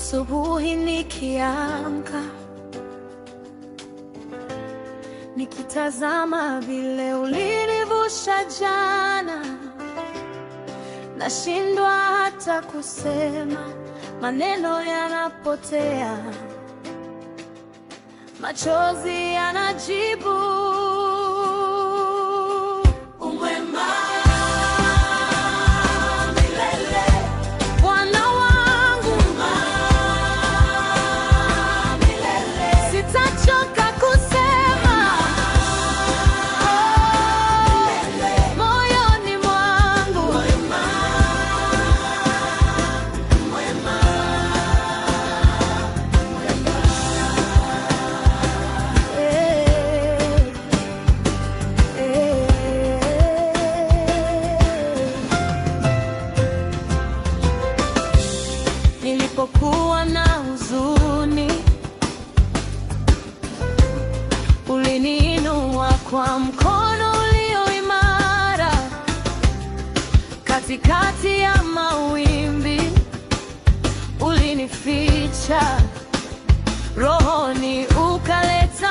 Asubuhi nikiamka, nikitazama vile ulinivusha jana, nashindwa hata kusema, maneno yanapotea, machozi yanajibu nilipokuwa na huzuni, uliniinua kwa mkono ulio imara katikati ya mawimbi, ulinificha rohoni ukaleta